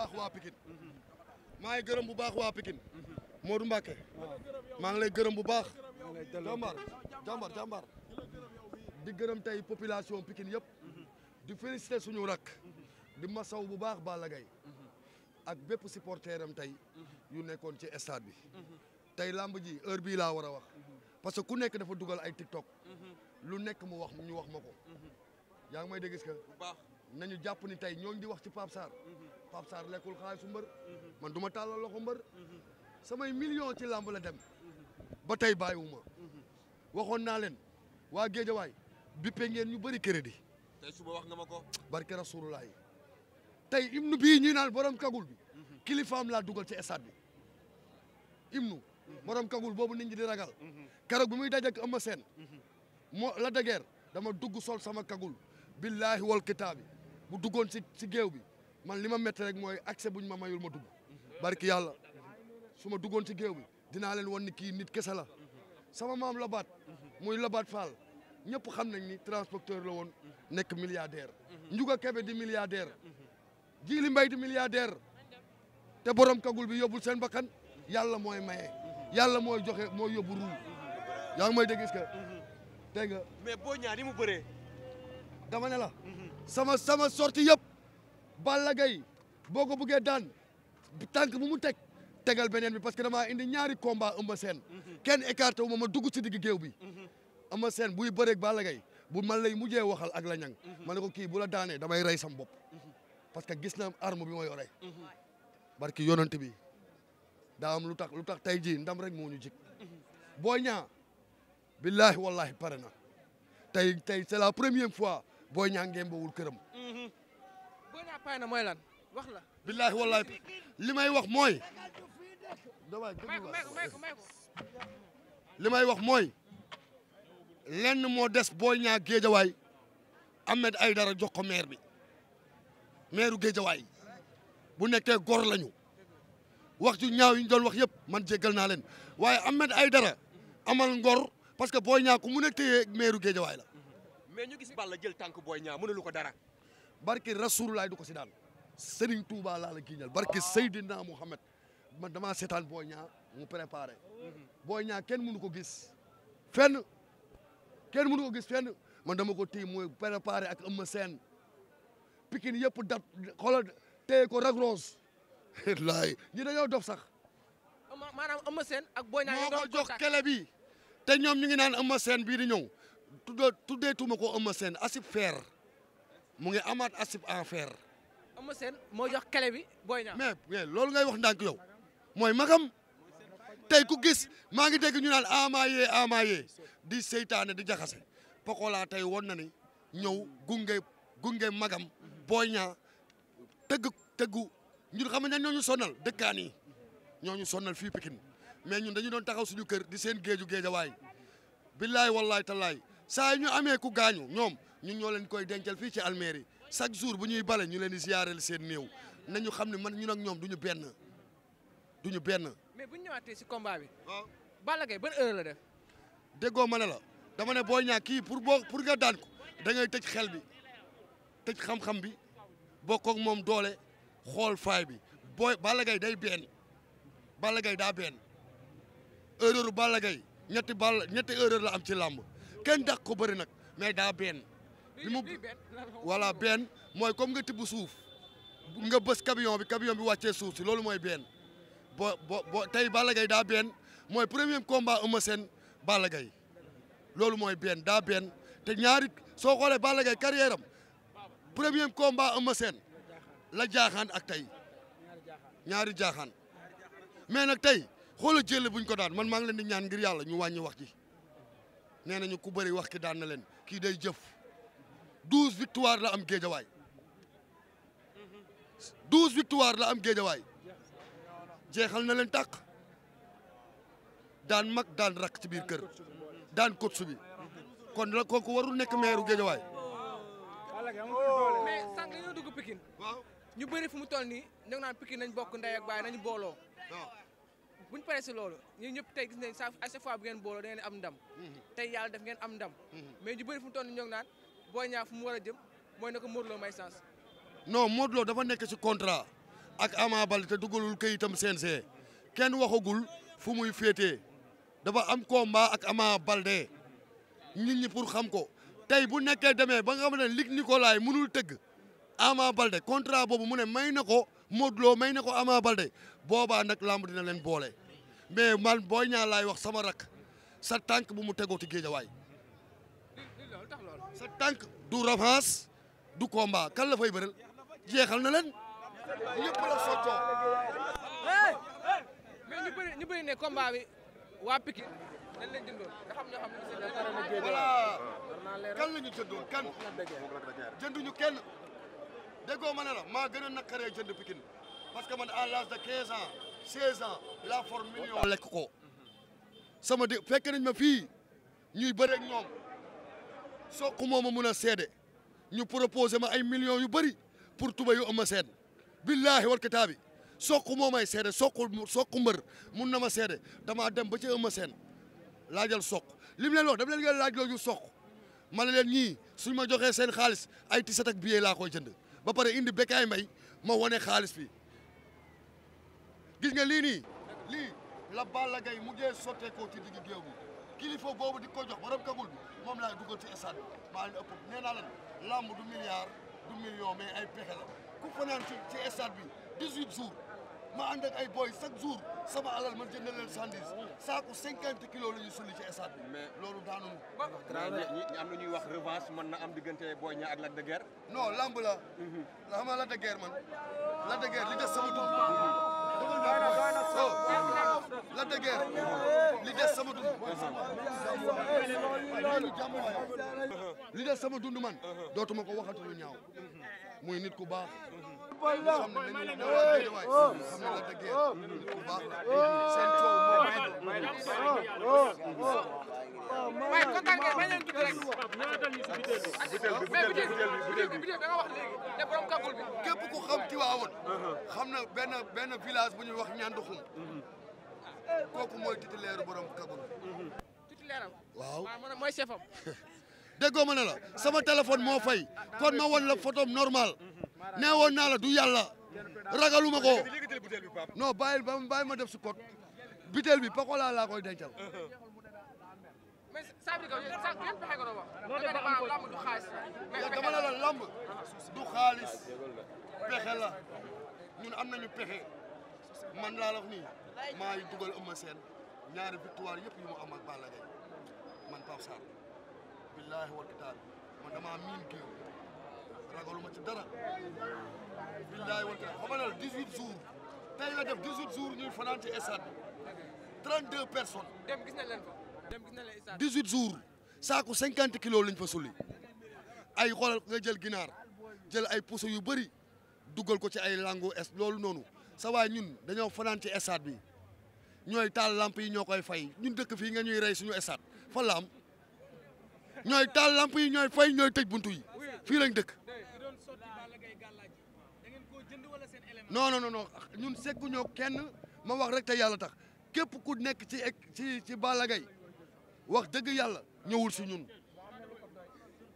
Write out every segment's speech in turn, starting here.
baax waa Pikine maa ngi gërëm bu baax waa Pikine Modou Mbacké maa ngi lay gërëm bu baax jàmbar jàmbar jàmbar di gërëm tey population pikin yëpp di féliciter suñu rakk di masaw bu baax Balla Gaye ak bépp supporter am tey yu nekkoon ci stade bi tey làmb ji heure bii laa war a wax parce que ku nekk dafa dugal ay TikTok lu nekk mu wax ñu wax ma ko yaa ngi may dégg est nañu jàpp ni tey ñooñu di ci Pape Pape Sarr lekkul xaalisu mbër. Mhm. man duma ma tàllal loxo mbër. Mhm. samay million ci làmb la dem. Mhm. ba tey bàyyiwuma. waxoon naa leen waa Géejawaay bippe ngeen ñu bëri crédit. tey suba wax nga ma ko. barke Rasulullah tey hymne bii ñuy naan borom kagul bi. kilifaam laa dugal ci stade bi. hymne borom kagul boobu nit ñi di ragal. keroog bi muy dajeeg Eumeu Sène. la dageer dama dugg sol sama kagul. billahi wal kitaabi bu duggoon si si géew bi. man li ma métti rek mooy bu ñu ma mayul ma dugg barki yàlla su ma duggoon ci géew bi dinaa leen woon ni kii nit kese la sama maam Labaat muy Labaat Fall ñëpp xam nañ ni transporteur la woon nekk milliardaire Ndiouga Kébé di milliardaire li Mbaye di milliardaire te borom kagul bi yobul seen bakkan yàlla mooy maye yàlla mooy joxe mooy yóbbu ruu yaa ngi may dégg est nga mais boo ñaar ni mu bëree dama ne la mhm. sama sama sorti yëpp Balla Gaye boo ko bëggee daan tànk bu mu teg tegal beneen bi parce que damaa indi ñaari combat Eumeu Sène kenn écarté wu ma ma dugg ci digg géew bi Eumeu seen buy bëreeg Balla Gaye bu man lay mujjee waxal ak la ñang ma ko kii bu la daanee damay rey sam bopp parce que gis na arme bi ma yore barki yonent bi daa am lu tax lu tax tey jii ndam rek moo ñu jik boo Niang billahi wallahi pare na tey c'est la première fois boo Niang ngeen bawul këram pàppaay na mooy lan wax la. billaahi wallaahi li may wax mooy. li may wax mooy lenn moo des booy ñaa géejawaay Ahmed ay dara ko maire bi maireu géejawaay bu nekkee góor lañu wax ju ñaaw yi ñu doon wax yëpp man jéggal naa leen waaye Ahmed Aïdara amal ngor parce que booy ñaa ku mun a meeru maireu waay la. mais ñu gis Balla jël tànk booy ñaa mënalu ko dara. barki rasulullah du ko si daan Serigne Touba laa la giñal barki Seydina Mouhamed man damaa seetaan Boy Niang mu préparé mhm. Boy kenn mënu ko gis fenn kenn mënu gis fenn man dama ko téye mooy préparé ak Eumeu Sène Pikine yëpp dat xoolal téye ko Lac Rose laay ñi dañoo dof sax maanaam ama Sène ak Boy Niang moo ko jox kele bi te ñoom ñu ngi naan Eumeu Sène bii di ñëw tuddee tuddee ko ama Sène asib feer mu ngi amaat asib en fer. Eumeu Sène moo jox clé bi Boy Niang. mais loolu ngay wax ndànk yow mooy magam tey ku gis maa ngi dégg ñu naan ama yee ama di seytaane di jaxase Pokola tey won na ni ñëw gunge gunge magam Boy ñaa tëgg tëggu ñun xam nga ñoo ñu sonal dëkkaan yi ñoo ñu sonal fii Pikine mais ñun dañu doon taxaw suñu kër di seen géeju géejawaay billaay wallaay tallaay saa ñu amee ku gaañu ñoom. ñun ñoo leen koy dencal fii ci almeri chaque jour bu ñuy bale ñu leen di ziareel seen néew nañu xam ne man ñun ak ñoom du ñu benn du ñu benn. mais bu ñu si combat bi. waaw Balla Gaye ban la dama ne boo ñaa kii pour boo pour nga daan ko da ngay tëj xel bi tëj xam-xam bi bokk ak moom doole xool faay bi booy Balla Gaye day benn Balla Gaye daa benn erreur Balla Gaye ñetti ball ñetti erreur la am ci làmb kenn dàq ko bëri nag mais daa benn. li voilà benn mooy comme nga tibb suuf nga bës camion bi camion bi wàccee suuf si loolu mooy benn bo bo tey Balla Gaye daa benn mooy premier combat Eumeu Sène Balla Gaye loolu mooy benn daa benn te ñaari soo xoolee Balla Gaye carrière am premier combat Eumeu Sène la jaaxaan ak tey ñaari jaaxaan mais nag tey xoola jël buñ ko daan man maa ngi leen di ñaan ngir yàlla ñu wàññi wax ji nee nañu ku bëri wax ki daan na leen kii day jëf douze victoire la am géejawaay douze victoire la am géejawaay jeexal na leen tàq daan mag daan rakk ci biir kër daan kot su bi kon la kooku warul nekk meeru géejawaay mais sànq dañoo dugg Pikine waaw ñu bëri fu mu toll nii ñu ngi naan Pikine nañ bokk ndey ak baay nañ booloo bu ñu paree si loolu ñun ñëpp tey gis nañ à chaque fois bu ngeen booloo da ngeen am ndam mhm. tey yàlla def ngeen am ndam mhm. mais ñu bëri fu mu toll ñoo ngi naan booy Niang fu mu war a jëm mooy na ko Modou Lo may chance. non Modou dafa nekk si contrat ak Ama Baldé te dugalul kayitam CNG kenn waxagul fu muy féetee dafa am combat ak Ama balde nit ñi pour xam ko tey bu nekkee demee ba nga xam ne ko laay mënul tëgg Ama Baldé contrat boobu mu ne may na ko Modou may na ko Ama balde boobaa nag lamb dina leen boole mais man booy Niang laay wax sama rak sa tànk bu mu tegoo ci géejawaay tant du revanche du combat kan la fay bëral jeexal na leen ñëpp la soccoo. mais ñu bëri ñu bëri ne combat waa Pikine dañ leen jëndoon ne kan la ñu jëndoon kan ma ne la maa gën a naqaree jënd Pikine parce que man à l'âge de 15 ans 16 la forme million lekk ko sama dé fekk nañ ma fii ñuy bëreeg ñoom. Sokh moo ma mun a seede ñu proposé ma ay millions yu bëri pour tuba yu Eumeu Sène billaahi wal kitaabi Sokh moo may seede Sokh Sokh mbër mun na ma seede damaa dem ba ci Eumeu Sène laajal soq li mu leen wax dama leen ngeen laaj looju soq ma ne leen ñii suñ ma joxee seen xaalis ay tisat ak billet laa koy jënd ba pare indi Bécaye Mbaye ma wane xaalis bi gis nga lii nii lii la Balla Gaye mujjee sotteekoo ci digg géew kilifa boobu di ko jox borom kagul bi moom laay dugal ci stade bi maa ngi ëpp nee naa leen du milliard du million mais ay pexe la ku fanaan ci ci stade bi 18 jours ma ànd ay boy chaque jour sama alal ma jënd leen 110 saako 50 kilos la ñu sulli ci stade bi. mais loolu daanu. ñi am na ñuy wax revanche man na am diggante Boy Niang ak Lac de Guiers. non làmb la. Mhm. xam la Lac de Guiers man Lac de li des sama dund. la déggee li des sama dund li des sama dund man dootuma ko waxatu lu ñaaw muy nit ku baax. xam ne xam ne la dëggee nit ku baax seen coow moo may waaye kontaan ngeen bañ leen tudd rek. butéel bi butéel bi butéel bi da nga wax léegi ne borom kàggul bi. képp ku xam Tiwaawoon. Uh-huh. xam na benn benn village bu ñuy wax Ñanduxum. Uh-huh. kooku mooy titulaire borom kàggul. titulaire am. waaw mooy chef am. déggoo ma ne la sama téléphone moo fay kon ma won la photo normal nee woon naa la du yàlla ragaluma ko non bàyyil ba bàyyi ma def si code bitel bi Pokola laa koy dencal. mais saa bi nga sa lamb du xaalis. dama la la lamb du xaalis pexe man laa la wax nii maa dugal Eumeu Sène ñaari victoire yëpp yu mu am ak Balla Gaye man Pape Sarr. billaahi wal kitaabi man damaa ci dara billaahi wal kitaabi xam nga ne tey la def 18 jours ñuy fanaan ci stade bi 32 personnes. dem gis na leen fa. dem saako 50 kilos lañ fa ay xool nga jël ginaar jël ay puso yu bëri duggal ko ci ay lango loolu noonu sa ñun dañoo fanaan ci stade bi ñooy taal lamp yi ñoo koy fay ñun dëkk fii nga ñuy rey suñu stade fa laam ñooy taal lamp yi ñooy fay ñooy tëj buntu yi fii lañ dëkk non non non ñun sekkuñoo kenn ma wax rek te yàlla tax képp ku nekk ci ci ci Balla wax dëgg yàlla ñëwul si ñun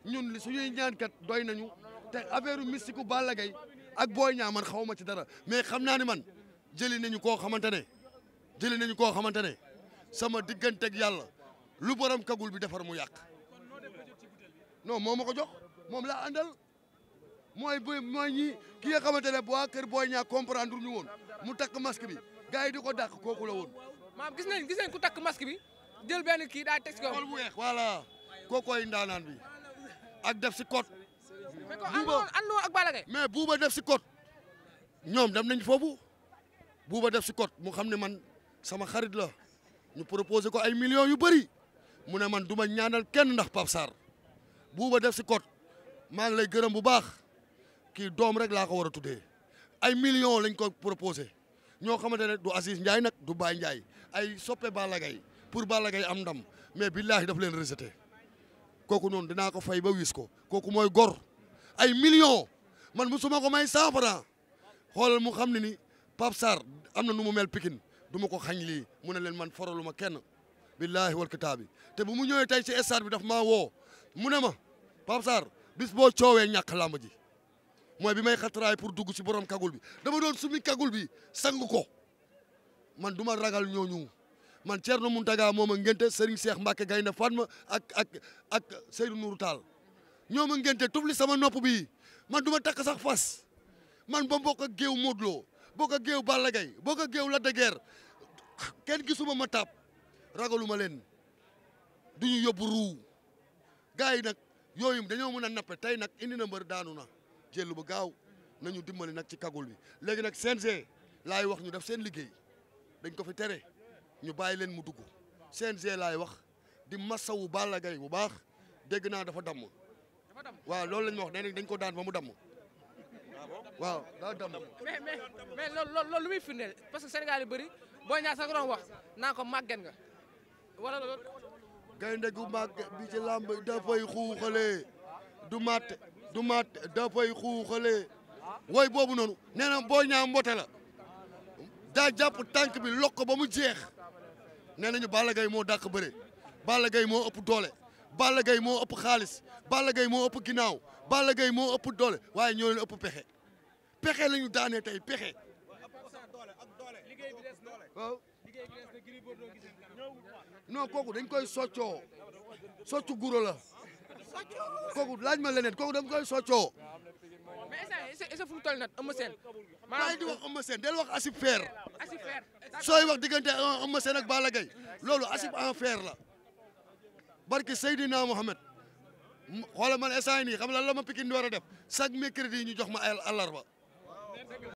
ñun suñuy ñaankat doy nañu te affaire mystique u Balla Gaye ak booy Niang man xaw ma ci dara mais xam naa ni man jëli nañu koo xamante ne jëli nañu koo xamante ne sama digganteeg yàlla lu borom kagul bi defar mu yàq non moo ma ko jox moom laa àndal mooy bu mooy ñi ki nga xamante ne waa kër booy ñaa comprendre ñu woon mu takk masque bi gars yi di ko dàq kooku la woon. maa gis nañ gis nañ ku takk masque bi jël benn kii daa teg si kaw. bu weex voilà ndaanaan bi def si code. buuba ak Balla mais buuba def si code ñoom dem nañ foofu buuba def si code mu xam ne man sama xarit la ñu proposé ko ay millions yu bëri mu ne man du ma ñaanal kenn ndax Pape Sarr. buuba def si code maa ngi lay gërëm bu baax kii doom rek laa ko war a tuddee ay millions lañ ko proposé ñoo xamante ne du Aziz Ndiaye nag du Baye Ndiaye ay soppe Balla Gaye pour Balla Gaye am ndam mais billahi daf leen rejeté kooku noonu dinaa ko fay ba wis ko kooku mooy gor ay millions man musuma ko may cent francs mu xam ne ni Pape Sarr am na nu mu mel Pikine du ma ko xañ lii mu ne leen man foraluma kenn billahi wal kitaabi te bu mu ñëwee tey ci stade bi daf maa woo mu ne ma Pape Sarr bis boo coowee ñàkk làmb ji mooy bi may xatraay pour dugg si borom kagul bi dama doon sumi kagul bi sang ko man duma ma ragal ñooñu man Thierno Mountaga moom a ngente Serigne Cheikh Mbacke Gaynde Fatma ak ak ak Seydou Nourou Tall ñoom a ngente tufli sama nopp bi man du ma takk sax fas man ba bokk ak géew Modou boo ko ak géew Balla Gaye bokk ak géew Lac de Guiers kenn gisuma ma tàpp ragalu ma leen du ñu ruu gars yi nag yooyu dañoo mën a nappe tey nag indi na mbër daanu na jël bu gaaw nañu dimbali nag ci kagul bi léegi nag seen CNG laay wax ñu def seen liggéey dañ ko fi tere ñu bàyyi leen mu dugg CNG laay wax di masawu Balla Gaye bu baax dégg naa dafa damm waaw loolu lañ ma wax nee dañ ko daan ba mu damm ah waaw daa damm mais mais mais loolu loolu lu muy firndeel parce que Sénégal yu bëri boo ñaar sax wax naa ko màggen nga gaynde gu mag bi ci làmb dafay xuuxalee du mat du mat dafay xuuxalee way boobu noonu nee na boo ñaa mbote la daa jàpp tànk bi loko ba mu jeex nee nañu Balla gay moo dàq bëre Balla Gaye moo ëpp doole Balla Gaye moo ëpp xaalis Balla gay moo ëpp ginnaaw Balla gay moo ëpp doole waaye ñoo leen ëpp pexe pexe la ñu daanee tey pexe waaw non kooku dañ koy soccoo soccu guro la kooku laaj ma leneen kooku dañ koy soccoo. mais est-ce que fu mu toll nag Eumeu Sène. maa di wax Eumeu Sène del wax asib fer. asib sooy wax diggante Eumeu Sène ak Balla Gaye loolu asib en fer la barki Seydina Mohamed xoolal man instant yii nii xam lan la ma Pikine war a def chaque mercredi ñu jox ma ay àllarba.